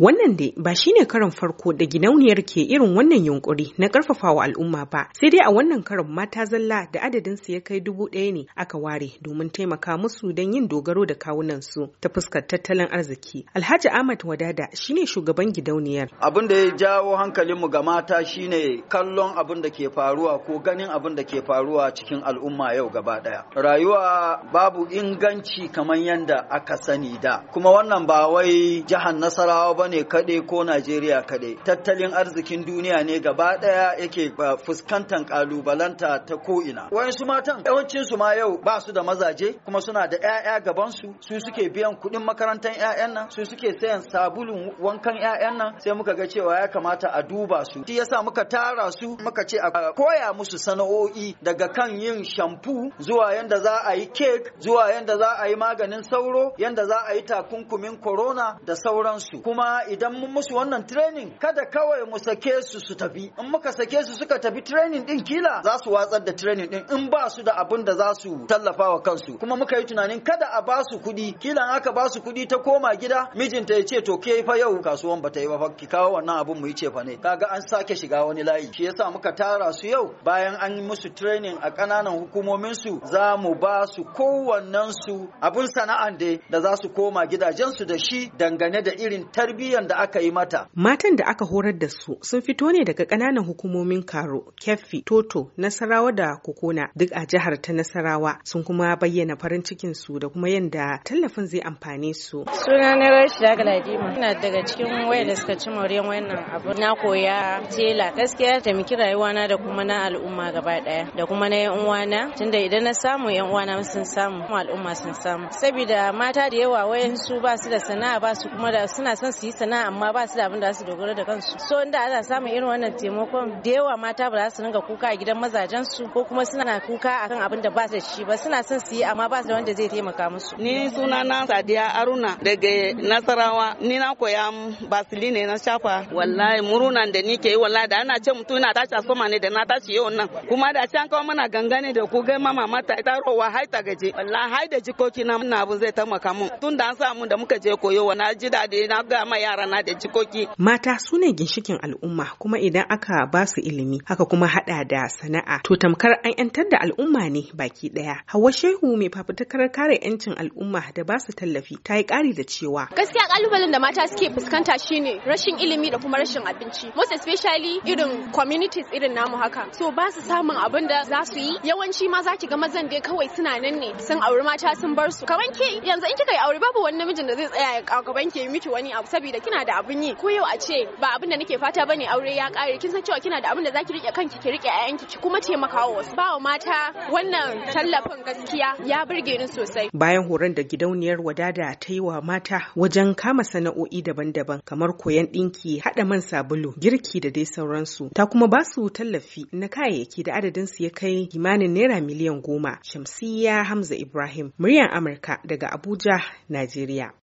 Wannan dai ba shine karin farko da ginauniyar ke irin wannan yunkuri na karfafawa al'umma ba, sai dai a wannan karin mata zalla da adadin su ya kai dubu ɗaya ne aka ware domin taimaka musu don yin dogaro da kawunan su ta fuskar tattalin arziki. Alhaji Ahmad Wadada shine shugaban gidauniyar. Abin da ya jawo hankalinmu ga mata shine kallon abin da ke faruwa ko ganin abin da ke faruwa cikin al'umma yau gaba ɗaya. Rayuwa babu inganci kamar yadda aka sani da, kuma wannan ba wai jihar Nasarawa ba ne kaɗai ko Najeriya kaɗai. Tattalin arzikin duniya ne gaba ɗaya yake fuskantar ƙalubalanta ta ko'ina. su matan yawancinsu ma yau ba su da mazaje kuma suna da 'ya'ya gabansu su suke biyan kuɗin makarantar 'ya'yan nan su suke sayan sabulun wankan 'ya'yan nan sai muka ga cewa ya kamata a duba su. Shi yasa muka tara su muka ce a koya musu sana'o'i daga kan yin shampu zuwa yanda za a yi kek zuwa yanda za a yi maganin sauro yanda za a yi takunkumin corona da sauransu kuma idan mun musu wannan training kada kawai mu sake su su tafi in muka sake su suka tafi training din kila za su watsar da training din in ba su da abin da za su tallafa wa kansu kuma muka yi tunanin kada a ba su kuɗi kila aka ba su kuɗi ta koma gida mijinta ya ce to ke fa yau kasuwan bata yi ba ki kawo wannan abin mu yi ce fa ne kaga an sake shiga wani layi shi yasa muka tara su yau bayan an yi musu training a ƙananan hukumomin su za mu ba su kowannen su abin sana'an da za su koma gidajensu da shi dangane da irin tarbiyya tarbiyyar da aka yi mata. Matan da aka horar da su sun fito ne daga ƙananan hukumomin Karo, Keffi, Toto, Nasarawa da Kokona duk a jihar ta Nasarawa sun kuma bayyana farin cikin su da kuma yadda tallafin zai amfane su. Suna na Rashida Galadima. Ina daga cikin waya da suka ci moriyar wannan abu. Na koya tela gaskiya ta miki rayuwana da kuma na al'umma gaba da kuma na yan uwana tunda idan na samu yan uwana sun samu al'umma sun samu. Sabida mata da yawa wayansu ba su da sana'a ba su kuma da suna son su yi yi sana'a amma ba su da abin da su dogara da kansu so inda ana samun irin wannan taimakon da yawa mata ba za su ringa kuka a gidan mazajen su ko kuma suna kuka akan abin da ba su da shi ba suna son su yi amma ba su da wanda zai taimaka musu ni suna na Sadiya Aruna daga Nasarawa ni na koya basili ne na shafa wallahi murunan da ni ke yi wallahi da ana ce mutum na tashi asoma ne da na tashi yau nan kuma da can kawo mana gangane da ku ga mama mata ita rowa hai ta gaje wallahi hai da jikoki na abu zai taimaka mun tun da an samu da muka je koyo wa na ji daɗi na ga mai yarana da jikoki. Mata su ne ginshikin al'umma kuma idan aka ba su ilimi haka kuma hada da sana'a to tamkar an yantar da al'umma ne baki daya. Hawa Shehu mai fafutukar kare yancin al'umma da ba su tallafi ta yi kari da cewa. Gaskiya kalubalen da mata suke fuskanta shine rashin ilimi da kuma rashin abinci. Most especially irin communities irin namu haka. So ba su samun abin da za su yi yawanci ma za ki ga mazan dai kawai suna nan ne sun auri mata sun bar su. kawai ke yanzu in kika yi aure babu wani namijin da zai tsaya a gaban ke miki wani abu saboda saboda kina da abun yi ko yau a ce ba abin da nake fata bane aure ya kare kin san cewa kina da abin da zaki rike kanki ki rike ƴaƴanki ki kuma taimaka wa wasu Bawa mata wannan tallafin gaskiya ya burge ni sosai bayan horon da gidauniyar wadada ta yi wa mata wajen kama sana'o'i daban-daban kamar koyan ɗinki haɗa man sabulu girki da dai sauransu ta kuma ba su tallafi na kayayyaki da adadin su ya kai kimanin naira miliyan goma shamsiya hamza ibrahim muryar amurka daga abuja najeriya